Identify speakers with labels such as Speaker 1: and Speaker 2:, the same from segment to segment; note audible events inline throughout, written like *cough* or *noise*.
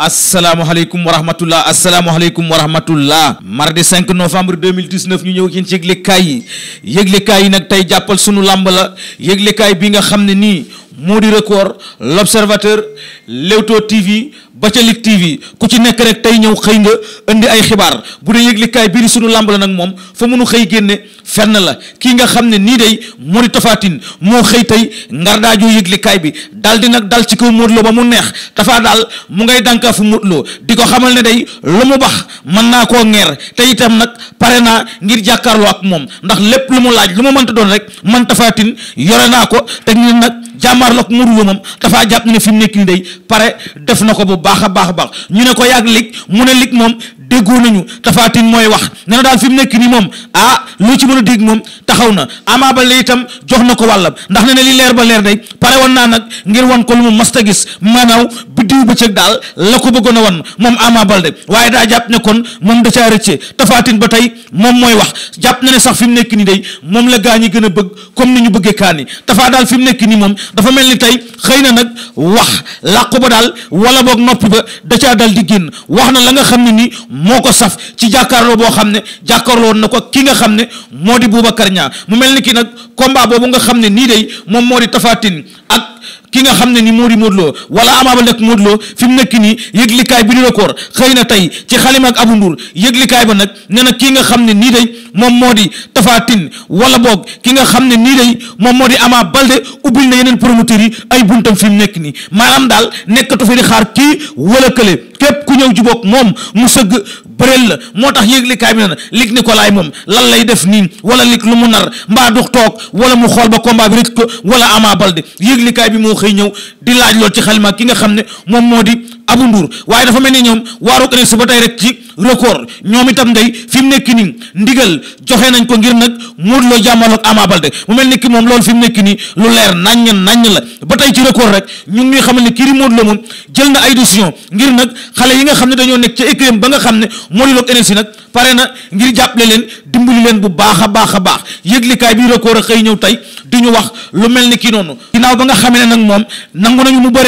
Speaker 1: asalaamaaleykum wa rahmatullah asalaamaaleykum wa rahmatullah mardi 5 novembre 2019 ñu ñëw yéen ci yëglekaay yi yëglekaay yi nag tey jàppal sunu làmbala la yëglekaay bi nga xam ne nii moo di record l'observateur Leewtoo TV ba ca Ligue TV ku ci nekk rek tey ñëw xëy nga indi ay xibaar bu dee yëglikaay biir sunu làmb la nag moom fa mënu xëy génne fenn la kii nga xam ne nii day moo di moo xëy tey ngardaajoo yëglikaay bi dal di nag dal ci kaw Modou Lo ba mu neex dafaa daal mu ngay dànkaa fu Modou Lo di ko xamal ne day lu mu bax mën naa koo ngeer tey itam nag pare naa ngir jàkkaarloo ak moom ndax lépp lu mu laaj lu mu mënta doon rek man tafaatin yore naa ko te nag jàmmaarloog muruwa moom dafaa jàpp ne fi mu nekk nii day pare def ko bu baax a baax a baax ñu ne ko yàgg lig mu ne lig moom déggoo nañu Tapha Tine mooy wax nee na fi mu nekk nii moom ah loo ci mën a dégg moom taxaw na Ama Baldé itam jox na ko wàllam ndax ne ne li leer ba leer day pare woon naa nag ngir ko lu mu masta gis maanaam biddiw bëccëg daal la ko bëggoon a wan moom Ama Baldé waaye daa jàpp ne kon moom da caa rëcce Tapha Tine ba tey moom mooy wax jàpp na ne sax fi mu nekk nii day moom la gaa ñi gën a bëgg comme ni ñu bëggee kaani Tapha daal fi mu nekk nii moom dafa mel ni tey xëy na nag wax làqu ba daal wala boog noppi ba da dal di génn wax na la nga xam ne nii moo ko saf ci jàkkaarloo boo xam ne jàkkaarloo na ko ki nga xam ne moo di Boubacar Niang mu mel ni ki nag combat boobu nga xam ne nii day moom moo di tafaatin ak ki nga xam ne ni moo di Modou Lo wala Ama Baldé ak Modou Lo fi mu nekk nii yëglikaay bi di record xëy na tey ci xalima ak Abou Ndour yëglikaay ba nag nee na ki nga xam ne nii day moom moo di Tapha Tine wala boog ki nga xam ne nii day moom moo di Ama Baldé ubbil na yeneen promoteurs yi ay buntam fi mu nekk nii maanaam daal nekkatu fi di xaar kii wala kële képp ku ñëw jubóog moom mu sëgg bëreel la moo tax yëglikaay bi na lig Nikolaay moom lan lay def nii wala lig lu mu nar mbaa dux toog wala mu xool ba combat bi rek ko wala Ama Baldé yëglikaay bi moo xëy ñëw di laaj lool ci xalima ki nga xam ne moom moo di Abou Ndour waaye dafa mel ni ñoom waaru ëllëg si ba tey rek ci record ñoom itam day fi mu nii ndigal joxe nañ ko ngir nag mu mel ni ki moom loolu fi mu nekk nii lu leer naññ naññ la ba tey ci record rek ñu ngi xamal ne kii di Modou Lo moom jël na ay décision ngir nag xale yi nga xam ne dañoo nekk ca écurie ba nga xam ne Modou Lo énergie nag pare na ngir jàppale leen dimbali leen bu baax a baax a baax yëglikaay bi record a xëy ñëw tey di ñu wax lu mel ni kii noonu ginnaaw ba nga xamee ne moom nangu nañu mu ba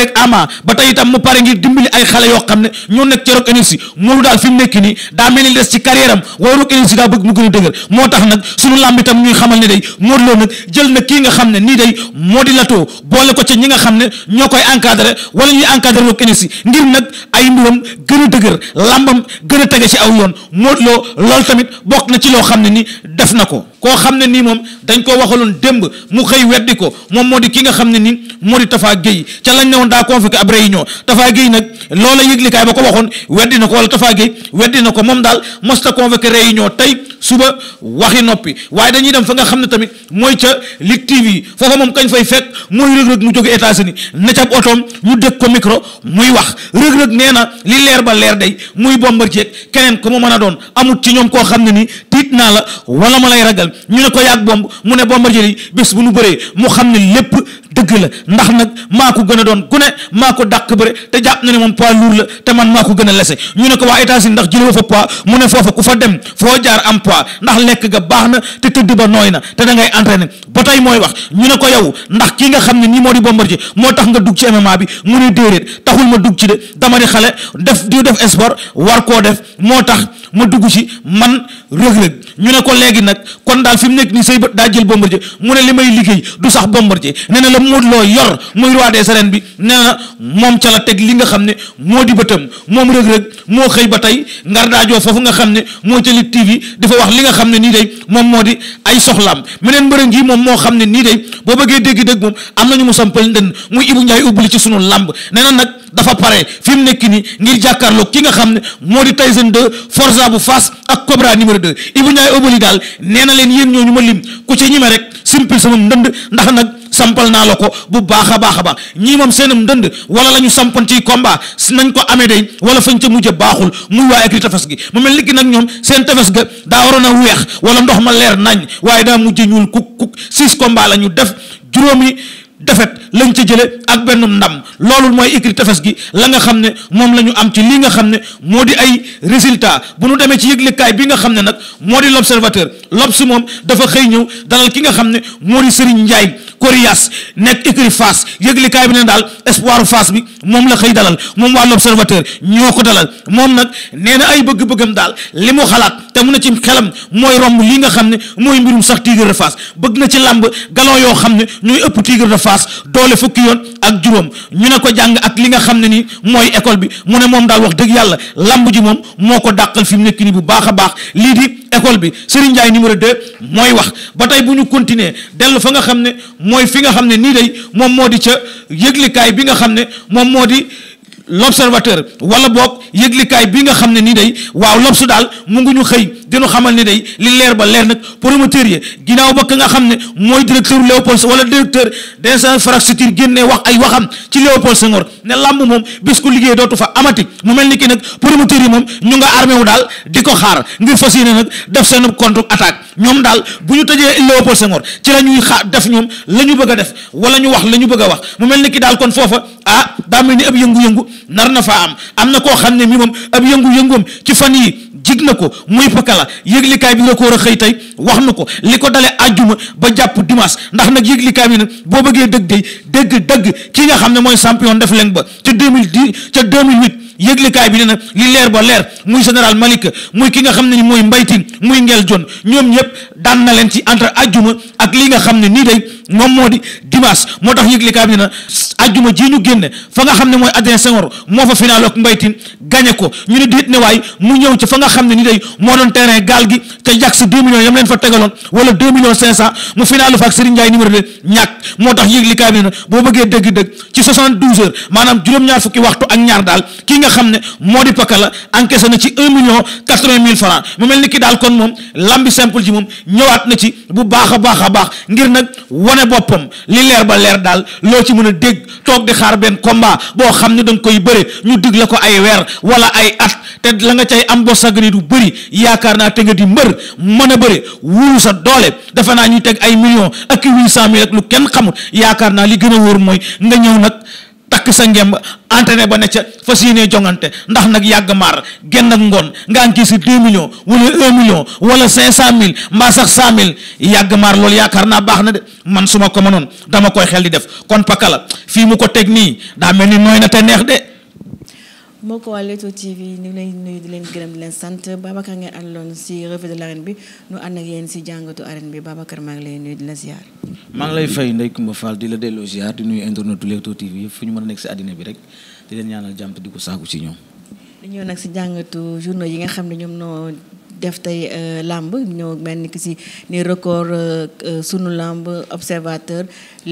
Speaker 1: ay xale yoo xam ne ñoo nekk ci Rock Énergie Modou daal fi mu nekk nii daa mel ni des ci carrière am waaye Rock Énergie daa bëgg mu gën dëgër moo tax nag suñu làmb itam ñuy xamal ne day Modou Lo nag jël na kii nga xam ne nii day moo di latoo boole ko ca ñi nga xam ne ñoo koy encadré wala ñuy encadré Rock Énergie ngir nag ay mbiram gën dëgër làmbam gën a tege ci aw yoon moo Lo loolu tamit bokk na ci loo xam ne nii def na ko koo xam ne nii moom dañ koo ko waxaloon démb mu xëy weddi ko moom moo di ki nga xam ne nii moo di Tafa Gueye ca lañ ne woon daa convoqué ab réunion Tafa Gueye nag loola yëglikaay ba ko waxoon weddi na ko wala Tafa Gueye weddi na ko moom daal mosta convoqué réunion tey suba waxi noppi waaye dañuy dem fa nga xam ne tamit mooy ca Ligue TV foofa moom kañ fay fekk mooy rëg-rëg mu jóge États-Unis ne ca otoom ñu dégg ko micro muy wax rëg-rëg nee na li leer ba leer day muy Bombardier keneen ko mu mën a doon amut ci ñoom koo xam ne nii tiit naa la wala ma lay ragal ñu ne ko yàgg bomb mu ne bombardier bis bu nu bëree mu xam ne lépp dëgg la ndax nag maa ko doon ku maa ko dàq bëre te jàpp na ne moom poids lourd la te man maa ko gën a lese ñu ne ko waa États-Unis ndax jëloo fa poids mu ne foofa ku fa dem foo jaar am poids ndax lekk ga baax na te tëdd ba nooy na te da ngay entraîné ba tey mooy wax ñu ne ko yow ndax ki nga xam ne nii moo di Bombardier moo tax nga dugg ci MMA bi mu ne déedéet taxul ma dugg ci de dama di xale def di def sport war koo def moo tax ma dugg ci man rëg-rëg ñu ne ko léegi nag kon daal fi mu nekk nii say daa jël Bombardier mu ne li may du sax Bombardier Modou Lo yor muy roi des arènes bi nee moom ca li nga xam ne moo di bëtam moom rëg-rëg moo xëy ba tey ngar daajoo foofu nga xam ne moo ca Lutte TV dafa wax li nga xam ne nii day moom moo di ay soxlaam meneen mbërëg ngi moom moo xam ne nii day boo bëggee dégg dëgg moom am nañu mu sampal ndënd muy Ibou Ndiaye ubbali ci sunu làmb nee nag dafa pare fi mu nekk nii ngir jàkkaarloo ki nga xam ne moo di Tyson 2 Forza bu Fass ak Cobra numéro 2 Ibou Ndiaye ubbali daal nee na leen yéen ñooñu ma lim ku ci ñime rek simpil sama ndënd ndax nag sampal naa la ko bu baax a baax baax ñii moom seen ndënd wala la ñu sampoon ci combat nañ ko amee day wala fañ ca mujj baaxul muy waa écrit tefes gi mu mel ni ki nag ñoom seen tefes ga daa waroon weex wala ndox ma leer nañ waaye daa mujj ñuul kuk kuk six combat la ñu def juróomi defet lañ ca jële ak benn ndam loolu mooy écrit tefes gi la nga xam ne moom la ñu am ci li nga xam ne moo di ay résultat bu nu demee ci yëglekaay bii nga xam ne nag moo di l'observateur l'Obs moom dafa xëy ñëw dalal ki nga xam ne moo di Serigne Ndiaye Coriace nekk écurie Fass yëglikaay bi ne daal espoiru Fass bi moom la xëy dalal moom waa l'observateur ñoo ko dalal moom nag nee ay bëgg-bëggam daal li mu xalaat te mu ne ci xelam mooy romb lii nga xam ne mooy mbirum sax Tigre de Fass bëgg na ci làmb galon yoo xam ne ñooy ëpp Tigre de Fass doole fukki yoon ak juróom ñu ne ko jàng ak li nga xam ne nii mooy école bi mu ne moom daal wax dëgg yàlla làmb ji moom moo ko dàqal fi mu nekk nii bu baax a baax lii di bi Serigne Ndiaye numéro 2 mooy wax mooy fi nga xam ne nii day moom moo di ca yëglikaay bi nga xam ne moom moo di l'observateur wala boog yëglikaay bi nga xam ne nii day waaw lobsu daal mu ngi ñu xëy dinu xamal ne day li leer ba leer nag promoteur yi ginnaaw ba ka nga xam ne mooy directeur Léopold wala directeur des infrastructures génnee wax ay waxam ci Léopold Senghor ne làmb moom bis ku liggéey dootu fa amati mu mel ni ki nag promoteur yi moom ñu nga armé wu daal di ko xaar ngir fas yéene nag def seen contre attaque ñoom daal bu ñu tëjee Léopold Senghor ci la xaar def ñoom la ñu bëgg def wala ñu wax la ñu bëgg wax mu mel ni ki daal kon foofa ah daa mel yëngu-yëngu nar na faa am am na koo xam ne mi moom ab yëngu-yëngoom ci fan yi jig na ko muy pakala yëglikaay bi nga ko war a xëy tey wax na ko li ko dalee àjjuma ba jàpp dimanche ndax nag yëglikaay bi nag boo bëggee dëgg day dëgg dëgg ki nga xam ne mooy champion def leen ba ca deux mille di ca deux mille huit yëglikaay bi ne na li leer ba leer muy général Malick muy ki nga xam ne ni mooy mbaytin muy ngel jon ñoom ñëpp daan na leen ci entre àjjuma ak li nga xam ne nii day moom moo di dimanche moo tax yëglikaay bi ne na ajjuma ji ñu génne fa nga xam ne mooy Adrien Senghor moo fa final ak mbaytin gagné ko ñu ne diit ne waay mu ñëw ci fa nga xam ne ni day moo doon terrain gaal gi te jàk sa deux millions yam leen fa tegaloon wala deux millions cinq cent mu finalu fa ak Serigne Ndiaye numéro deux ñàkk moo tax yëglikaay bi ne na boo bëggee dëgg-dëgg ci soixante-douze heures maanaam juróom-ñaar fukki waxtu ak ñaar daal kii nga xam ne moo di pakala encaissé na ci un million quatre-vingt mille francs mel ni ki daal kon moom lambi simple ji moom ñëwaat na ci bu baax a baax a baax ngir nag wane boppam li leer ba leer daal loo ci mën a dégg toog di xaar benn combat boo xam ne da nga koy bëre ñu dig la ko ay weer wala ay at te la nga cay am boo sàgg ni du bëri yaakaar naa te nga di mbër mën a bëre wuru sa doole defe naa ñu teg ay millions ak huit cent mille ak lu kenn xamul yaakaar naa li gën a wóor mooy nga ñëw nag takk sa ngemb entraîné ba ne ca fas yéenee jongante ndax nag yàgg maar genn ngoon nga am deux millions wala un million wala cinq cent mille mbaa sax cent mille yàgg maar loolu yaakaar naa baax na de man su ma ko mënoon dama koy xel di def kon pakala fii mu ko teg nii daa mel ni nooy na te neex de
Speaker 2: mbokk waa Leewtoo TV ñu ngi leen nuyu di leen gërëm di leen sant Babacar ngeen àndaloon si revue de l'arène bi nu ànd ak yéen si jàngatu arène bi Babacar maa ngi lay nuyu di la ziar. maa ngi lay
Speaker 1: fay Ndeye Coumba Fall di la delloo ziar di nuyu internetu Leewtoo TV yëpp fu ñu mën a nekk si àddina bi rek di leen ñaanal jàmm di ko saaku si ñoom.
Speaker 2: di nag si jàngatu journaux yi nga xam ne ñoom noo. def tey euh, làmb ñoo mel ni ki si ni record euh, euh, sunu làmb observateur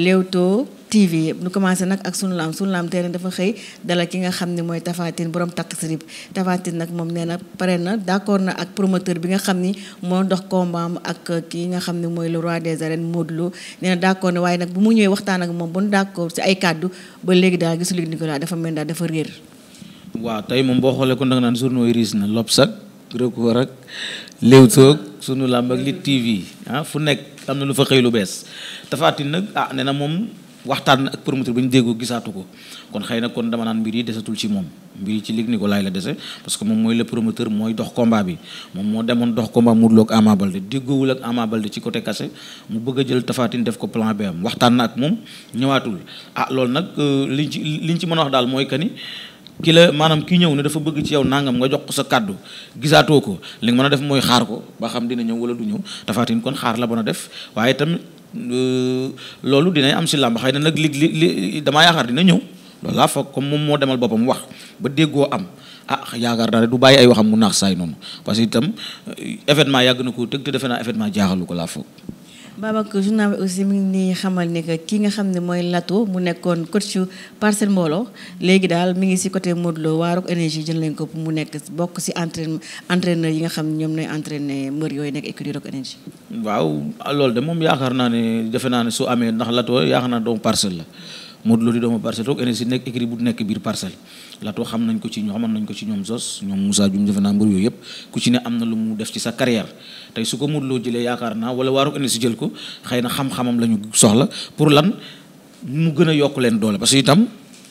Speaker 2: Leewtoo TV ñu commencé nag ak sunu laam sunu laam tey nag dafa xëy dala ki nga xam ne mooy Tafatine borom takk sirib Tafatine nag moom nee na pare na d'accord na ak promoteur bi nga xam ni moo dox kombaam ak ki nga xam ne mooy le roi des arènes Modou Lo nee na d'accord na waaye nag bu mu ñëwee waxtaan ak moom ba nu d'accord ci ay kàddu ba léegi daal gisul Luc Nicolaï dafa mel daal dafa réer.
Speaker 1: waa tey moom boo xoolee kon da nga naan journaux yi riis na L'Obs record ak Leewtoo sunu làmb ak Lutte TV ah fu nekk am na lu fa xëy lu bees Tapha Tine nag ah nee na moom waxtaan na ak promoteur ba ñu déggoo gisaatu ko kon xëy na kon dama naan mbir yi desatul ci moom mbir yi ci Luc Nicolaï la dese parce que moom mooy le promoteur mooy dox combat bi moom moo demoon dox combat Modou Lo ak Ama Baldé déggoowul ak Ama Baldé ci côté kase mu bëgg a jël tafaatin def ko plan B am waxtaan na ak moom ñëwaatul ah loolu nag euh, liñ ci liñ ci mën a wax daal mooy que ni ki maanaam ki ñëw ne dafa bëgg ci yow nangam nga jox ko sa kàddu gisaatoo ko li nga mën a def mooy xaar ko ba xam dina ñëw wala du ñëw tafaatin kon xaar la mën a def waaye tamit euh, loolu dinañ am si làmb xëy na nag li li damaa yaakaar dina ñëw loolu laa foog comme moom moo demal boppam wax ba déggoo am ah yaakaar naa ne du bàyyi ay waxam mu naax saay noonu parce que itam euh, événement yàgg na ko tëg te defe naa événement jaaxalu ko laa foog
Speaker 2: Babacar journal aussi mi ngi nii xamal ne que ki nga xam ne mooy Lato mu nekkoon coach su Parcelles Mbolo léegi daal mi ngi si côté Modou Lo waa Rock Énergie jël nañ ko pour mu nekk bokk si entraîne entraîneur yi nga xam ñoom ñooy entraîné mbër yooyu nekk écurie Rock Énergie.
Speaker 1: waaw loolu de moom yaakaar naa ne defe naa ne su amee ndax Lato yaakaar naa doomu Parcelles la. Modou Lo di doomu parcelle toog énergie nekk écrit bu nekk biir parcelle Lato xam nañ ko ci ñoo xaman nañ ko ci ñoom Zos ñoom Moussa Dioum defe naa mbër yooyu yëpp ku ci ne am na lu mu def ci sa carrière tey su ko Modou jëlee yaakaar naa wala waaruk énergie jël ko xëy na xam-xamam la ñu soxla pour lan mu gën a yokk leen doole parce itam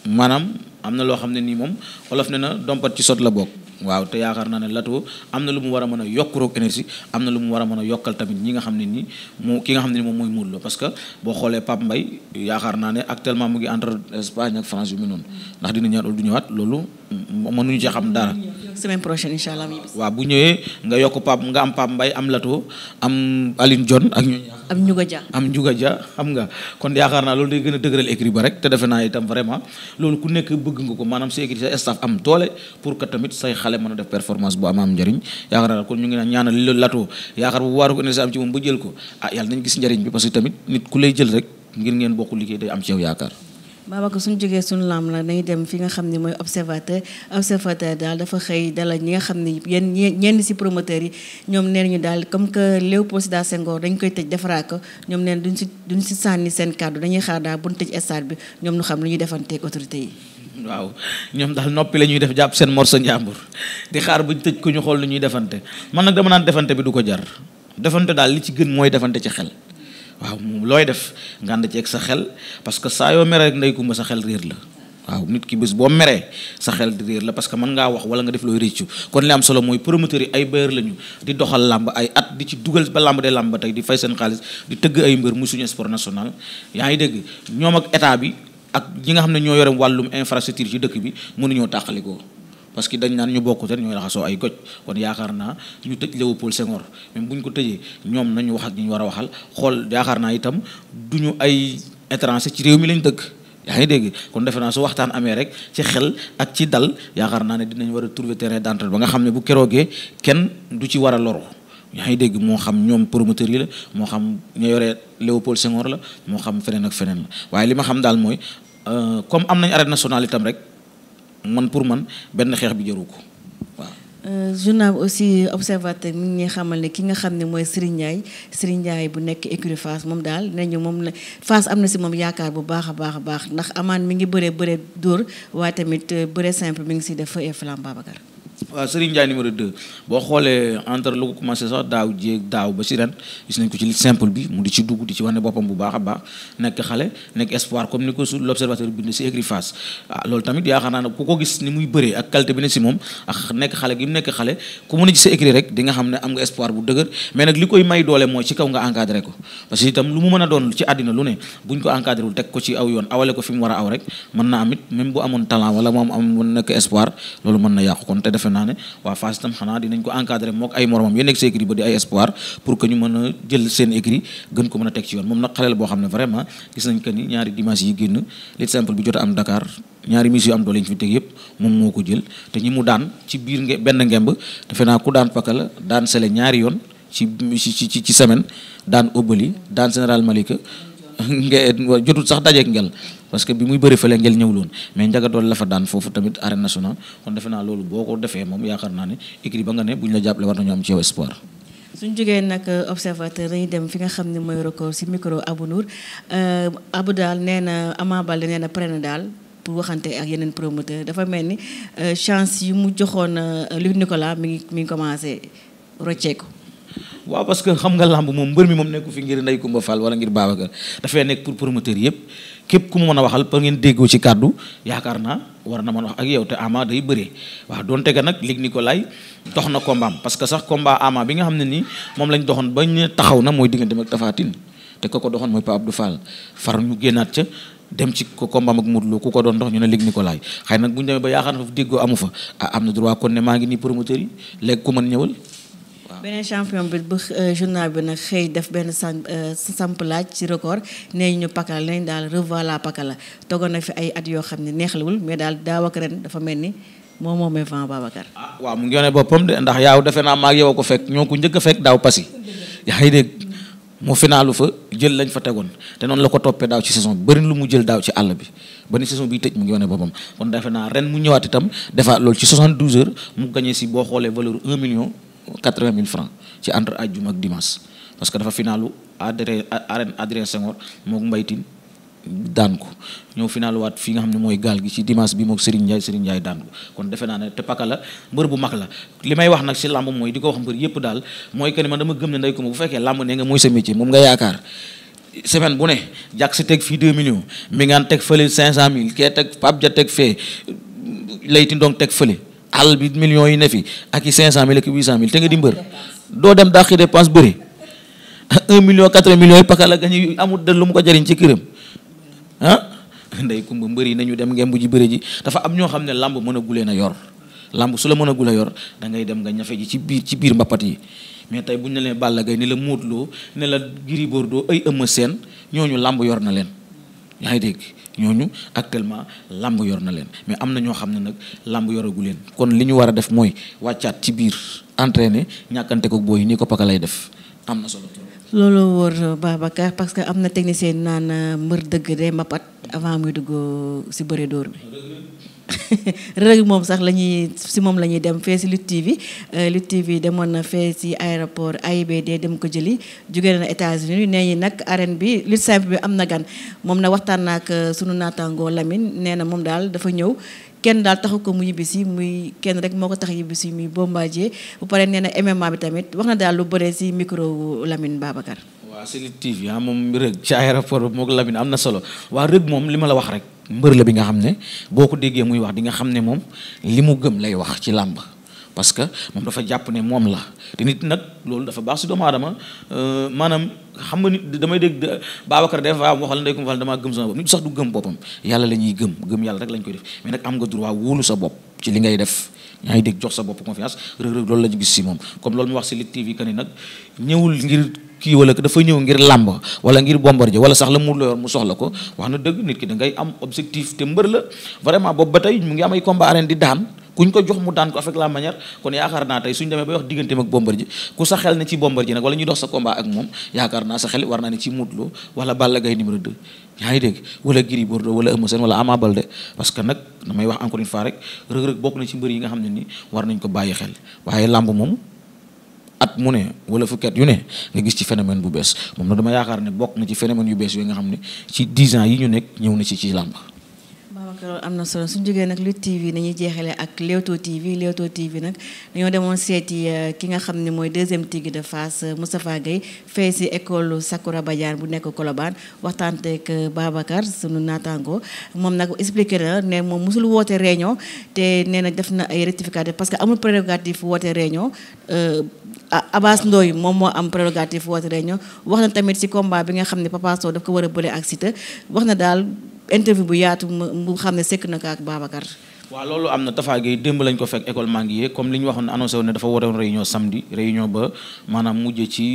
Speaker 1: maanaam am na loo xam ne nii moom wolof ne na dompat ci sot la bokk waaw te yaakaar naa ne Lato am na lu mu war a mën a yokk Rock Énergie am na lu mu war a mën a yokkal tamit ñi nga xam ne nii moom ki nga xam ne ni moom mooy Modou Lo parce que boo xoolee Pape Mbaye yaakaar naa ne actuellement mu ngi entre Espagne ak France yu mel noonu ndax dina ñëwaat du ñëwaat loolu mënuñu ci xam dara.
Speaker 2: semaine prochaine incha allah.
Speaker 1: waaw bu ñëwee nga yokk Pape nga am Pape Mbaye am Lato am Aline John ak
Speaker 2: ñooñu.
Speaker 1: am Ndiouga xam nga kon yaakaar naa loolu day gën a dëgëral écrit te defe naa itam loolu ku nekk bëgg nga ko maanaam sa écrit sa staff am doole pour que tamit say xale a def performance kon ñu ngi naan ñaanal li Lato yaakaar bu waaru ko ne sa am ci moom ba jël ko ah yàlla nañ gis njëriñ bi parce que tamit nit ku lay jël rek ngir ngeen bokk liggéey day am ci yow yaakaar
Speaker 2: Babacar suñu jógee suñu lam la dañuy dem fi nga xam ne mooy observateur observateur daal dafa xëy dala ñi nga xam ne yéen ñenn si promoteurs yi ñoom neen ñu daal comme que Léopold Sédar Senghor dañ koy tëj defaraat ñoom neen duñ si duñ si sànni seen kàddu dañuy xaar daal buñ tëj stade bi ñoom ñu xam lu ñuy defanteeg autorité yi
Speaker 1: waaw ñoom daal noppi la ñuy def jàpp seen morso njàmbur di xaar buñ tëj ku ñu xool lu ñuy defante man nag dama naan defante bi du ko jar defante daal li ci gën mooy defante ci xel waaw moom looy def nga ànd sa xel parce que saa yoo mere rek ndey kumba sa xel réer la waaw nit ki bés boo meree sa xel di réer la parce que mën ngaa wax wala nga def looy réccu kon li am solo mooy promoteurs yi ay bailleurs lañu di doxal làmb ay at di ci dugal ba làmb de làmb tey di fay seen xaalis di tëgg ay mbër muy suñu sport national yaa ngi dégg ñoom ak état bi ak ñi nga xam ne ñoo yore wàllum infrastructure ci dëkk bi mënuñoo tàqalikoo parce que dañ naan ñu bokkute ñooy raxasoo ay goj kon yaakaar naa ñu tëj Léopold Senghor même bu ñu ko tëjee ñoom nañu wax ak ñu war a waxal xool yaakaar naa itam du ñu ay étranger ci réew mi lañ dëkk yaa ngi dégg kon defe naa su waxtaan amee rek ci xel ak ci dal yaakaar naa ne dinañ war a trouver terrain d'entente ba nga xam ne bu keroogee kenn du ci war a loro yaa ngi dégg moo xam ñoom promoteur yi la moo xam ña yore Léopold Senghor la moo xam feneen ak feneen waaye li ma xam daal mooy euh, comme am nañ arène nationale itam rek man pour man benn xeex bi jëru ko
Speaker 2: euh, journal aussi observateur mi ngi xamal ne ki nga xam ne mooy Serigne Ndiaye Serigne Ndiaye bu nekk écurie Fass moom daal nee moom la Fass am na si moom yaakaar bu baax a baax a baax ndax amaan mi ngi bëree bëree dóor waaye tamit euh, bëree simple mi ngi si def feu et flamme
Speaker 1: Euh, Serigne Ndiaye numéro 2 boo xoolee entre lu ko commencé sax daaw jéeg daaw ba si ren gis nañ ko ci lutte simple bi mu di ci dugg di ci wane boppam bu baax a baax nekk xale nekk espoir comme ni ko su l'observateur bind si écrit face ah loolu tamit yaakaar naa ne ku ko gis ni muy bëree ak qualité bi ne si moom nekk xale gi mu nekk xale ku di nga xam ne am nga espoir bu dëgër mais nag li koy may doole mooy ci kaw nga encadré ko parce que itam lu mu mën a doon ci àddina lu ne buñ ko encadré wul teg ko ci aw yoon awale ko fi mu war a aw rek mën na amit même bu amoon talent wala moom am nekk espoir loolu mën na yàqu kon te defe naa naa ne waa Fass itam xanaa dinañ ko encadré mook ay moromam yu nekk sa écrit ba di ay espoir pour que ñu mën a jël seen écrit gën ko mën a teg ci yoon moom nag xale boo xam ne vraiment gis nañ que ni ñaari dimanche yi génn li a semaine daan Obali daan général Malika nga sax dajeek ngel parce que bi muy bëri fële ngel ñëwul woon mais Ndiaga Dolé la daan foofu tamit arène nationale kon defe naa loolu boo ko defee moom yaakaar naa ne écrit ba nga ne bu ñu la jàppale war nañu
Speaker 2: nag euh, observateur dañuy dem fi nga xam ne mooy record si micro euh, Abou daal nee na Ama Baldé nee na pren daal pour waxante ak yeneen promoteur dafa mel ni euh, chance yu mu joxoon Luc Nicolas mi ngi mi ngi commencé rocceeku.
Speaker 1: waaw parce que xam nga làmb moom mbër mi moom nekku fi ngir Ndeye Koumba wala ngir Babacar dafay nekk pour promoteur yëpp. képp ku mu mën a waxal pour ngeen déggoo ci kàddu yaakaar naa war na mën a wax ak yow te Ama day bëree waaw donte que nag Luc Nicolaï dox na kombaam parce que sax combat Ama bi nga xam ne nii moom lañ doxoon ba ñu taxaw na mooy diggante ak Tapha Tine te ko ko doxoon mooy Pape Abdou far ñu génnaat ca dem ci ko combat ak Modou Lo ku ko doon dox ñu ne Luc Nicolaï xëy nag bu ñu demee ba yaakaar na foofu déggoo amu fa ah am na droit kon ne maa ngi nii promoteur yi léegi ku mën ñëwal
Speaker 2: beneen champion bi bu euh, journal bi nag xëy def benn euh, samp laaj ci record nee ñu pakala lañ daal revoilà la toogoon na fi ay at yoo xam ne lawul mais daal daaw ak ren dafa mel ni moom moomee vent Babacar. ah
Speaker 1: waaw mu ngi boppam ndax yaaw defe naa maag yow ko fekk ñoo ko njëkk a fekk daaw pasi yaa ngi dégg mu finaalu fa jël lañ fa tegoon te noonu la ko toppee daaw ci saison bi bëri lu mu jël daaw ci àll bi ba ni saison bi tëj mu ngi wane boppam kon defe naa ren mu ñëwaat itam defaat loolu ci 72 heures mu gagné si boo xoolee valeur 1 million quatre-vingt mille francs ci entre àjjuma ak dimanche parce que dafa finalu adré arène Adrien Senghor mook mbaytin daan ko ñëw final waat fi nga xam ne mooy gaal gi ci dimanche bi mook Serigne Ndiaye Serigne Ndiaye daan ko kon defe naa ne te paka la mbër bu mag la li may wax nag si làmb mooy di ko wax mbër yëpp daal mooy que ni man dama gëm ne ndey ko bu fekkee làmb ne nga mooy sa métier moom nga yaakaar semaine bu ne jàk si teg fii 2 millions mi ngaan teg fële 500000 kee teg Pape ja teg fee layti ndong teg fële àll bi million yi ne fi ak i cinq cent mille ak i huit cent mille te nga di mbër doo dem dàqi dépense bëri *laughs* un million quatre millions yi paka la gañu amul de lu mu ko jariñ ci këram ah *laughs* ndey kumba mbër yi nañu dem ngemb ji bëri ji dafa am ñoo xam ne lamb mën a gulee na yor lamb su la mën a gula yor da ngay dem nga ñafe ji ci biir ci biir mbapat yi mais tey bu ñu la nee Balla Gaye ne la Modou Lo ne la Gris Bordeaux ay Eumeu seen ñooñu làmb yor na leen yaa ngi dégg ñooñu actuellement làmb yor na leen mais am na ñoo xam ne nag làmb yoragu leen kon li ñu war a def mooy wàccaat ci biir entraîner ñàkkante ko yi nii ko paka lay def am na solo.
Speaker 2: loolu wóor parce que am na technicien naan euh, mbër dëgg day mapat avant muy dugg si bëre dóor bi. *laughs* rëg moom sax la ñuy si moom la ñuy dem fee si Lutte TV euh, Lutte TV demoon na fee si aéroport AIBD dem ko jëli jóge na États-Unis nee ñi nag arène bi lutte simple bi am na gan moom na waxtaan na ak euh, sunu naataangoo lamin nee na moom daal dafa ñëw kenn daal taxu ko mu si muy kenn rek moo ko tax yibbisi muy Bombardier bu pare nee na MMA bi tamit wax na daal lu bëre si micro lamin Babacar
Speaker 1: waa Sili TV ah moom rëg ci aéroport bi moog Lamine am na solo waa rëg moom li ma la wax rek mbër la bi nga xam ne boo ko déggee muy wax di nga xam ne moom li mu gëm lay wax ci làmb parce que moom dafa jàpp ne moom la nit nag loolu dafa baax si doomu aadama euh, maanaam xam nga nit damay dégg Babacar def waaw waxal ndey ko fal damaa gëm sama bopp nit sax du gëm boppam yàlla la ñuy gëm gëm yàlla rek lañ koy def mais nag am nga droit wóolu sa bopp ci li ngay def yaa ngi dégg jox sa bopp confiance Reug Reug loolu la gis si moom comme kii wala dafa ñëw ngir làmb wala ngir Bombardier wala sax la mu loyor mu soxla ko wax na dëgg nit ki dangay am objectif te mbër la vraiment boob ba tey mu ngi am ay combat arène di daan kuñ ko jox mu daan ko avec la manière yaakaar naa tey suñ demee bay wax digganteem ak Bombardier xel ne ci Bombardier nag wala ñu sa combat ak moom yaakaar naa sa xel war naa ne ci Modou Lo wala Balla Gaye numéro 2 yaa ngi dégg wala Gris Bordeaux wala Eumeu Sène wala Ama Baldé parce que nag damay wax encore une fois rek Reug Reug bokk na ci mbër yi nga xam ne ni war nañ ko bàyyi xel waaye làmb moom mu ne wala fukki at yu ne nga gis ci phénomène bu bees moom na dama yaakaar ne bokk na ci phénomène yu bees yooyu nga xam ne ci 10 ans yi ñu nekk ñëw na ci ci làmb
Speaker 2: donc loolu euh, am na solo suñu jógee nag Lutte TV nañuy jeexale ak Leewtoo TV Leewtoo TV nag dañoo demoon seeti euh, ki nga xam ne mooy deuxième tigre de Fass euh, Moustapha Gueye fee si école Sakura Badiane bu nekk waxtaan waxtaanteeg Babacar sunu naataango moom nag expliqué na ne moom mosul woote réunion te nee na def na ay rectificatif parce que amul prérogative woote réunion Abass Ndoye moom moo am prérogative woote réunion wax na tamit si combat bi nga xam ne Papa Sow daf ko war a bëre ak Siteu wax na daal. interview bu yaatu mu xam ne sekk na ko ak Babacar.
Speaker 1: waaw loolu am na Tafa Gueye démb lañ ko fekk école Manguier comme li ñu waxoon annoncé woon ne dafa waroon réunion samedi réunion ba maanaam mujj ci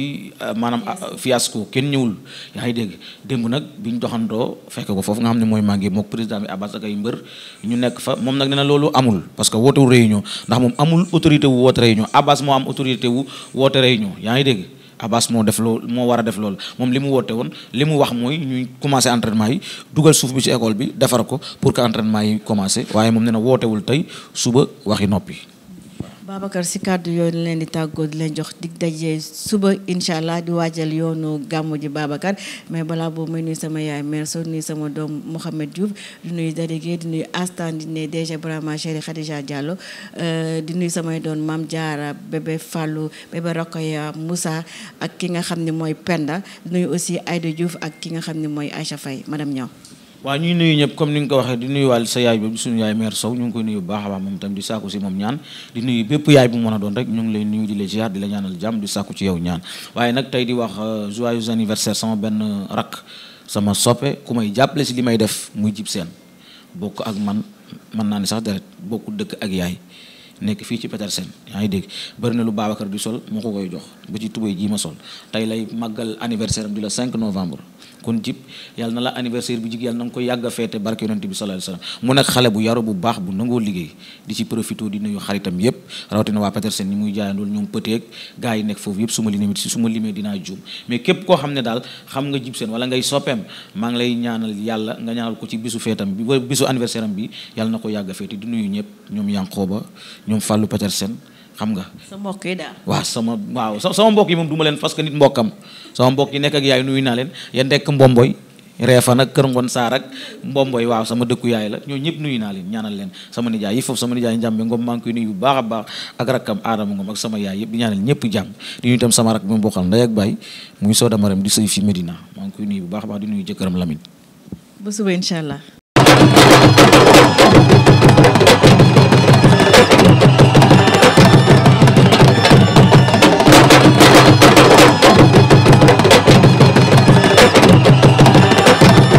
Speaker 1: euh, maanaam ah, fiasco kenn ñëwul yaa ngi dégg démb nag bi ñu doxandoo fekk ko foofu nga xam ne mooy Manguier mook président bi Abbas ak ay nekk fa moom nag nee loolu amul parce que wootewul réunion ndax moom amul autorité wu woote réunion Abbas moo am autorité wu woote réunion yaa ngi dégg Abbas moo def loolu moo war a def loolu moom li mu woote woon li mu wax mooy ñuy commencé entraînement yi dugal suuf bi ci école bi defar ko pour que entraînement yi commencé waaye moom nee na wootewul tey suba waxi noppi
Speaker 2: Babacar si kàddu yooyu leen di tàggoo di leen jox dig daje suba incha allah di waajal yoonu gàmmu ji Babacar mais balaa boobu may nuyu sama yaay mère so nuyu sama doom Mouhamed Diouf di nuyu délégué di nuyu Astan di ne DG Brahma Chéri Khadija euh, di nuyu samay doon Mame Diarra bébé Fallou bébé Rokhaya Moussa ak ki nga xam ni mooy Penda di nuyu aussi Aïda Diouf ak ki nga xam ni mooy Aïcha Faye madame Niaw
Speaker 1: waaw ñuy nuyu ñëpp comme ni nga ko waxee di nuyu waal sa yaay boobu suñu yaay mère Sow ñu ngi koy nuyu bu baax a baax moom tam di sàkku si moom ñaan di nuyu bépp yaay bu mu mën a doon rek ñu ngi lay nuyu di la di la ñaanal jàmm di sàkku ci yow ñaan waaye nag tey di wax euh, joyeux anniversaire sama benn rak sama soppe ku may jàppale si li may def muy jib seen bokk ak man mën naa ne sax deret bokk dëkk ak yaay nekk fii ci Petersen yaa ngi dégg bëri na lu Babacar di sol moo ko koy jox ba ci tubéy ji ma sol tey lay màggal anniversaire am di la 5 novembre kon jib yal na la anniversaire bi jig yàlla na nga ko yàgg a feete barke yonente bi sallallahu alayhi wasallam mu nekk xale bu yaru bu baax bu nangoo liggéey di ci profité di nuyu xaritam yépp rawatina waa Petersen ñi muy jaayandool ñoom pëteeg gars yi nekk foofu yépp su ma limee si su ma limee dinaa juum mais képp koo xam ne daal xam nga jib seen wala ngay soppeem maa ngi lay ñaanal yàlla nga ñaanal ko ci bisu feetam bi bisu anniversaire am bi yàlla na ko yàgg a feete di nuyu ñëpp ñoom Yankoba ñoom Fallou Petersen xam nga.
Speaker 2: sa mbokk yi daal. waaw
Speaker 1: sama waaw sama mbokk yi moom du ma leen parce que nit mbokkam sama mbokk yi nekk ak yaay nuyu naa leen ya nekk mbomboy reefan kër ngoon saa ak mbomboy waaw sama dëkku yaay la ñoo ñëpp nuyu naa leen ñaanal leen sama nijaay yi foofu sama nijaay njàmbe ngom maa ngi koy nuyu bu baax a baax ak rakkam aadama ngom ak sama yaay yëpp di ñaanal ñëpp jàmm di nuyu itam sama rak bi mu bokkal ndey ak baay muy soo dama rem di sëy fi Medina maa ngi
Speaker 2: a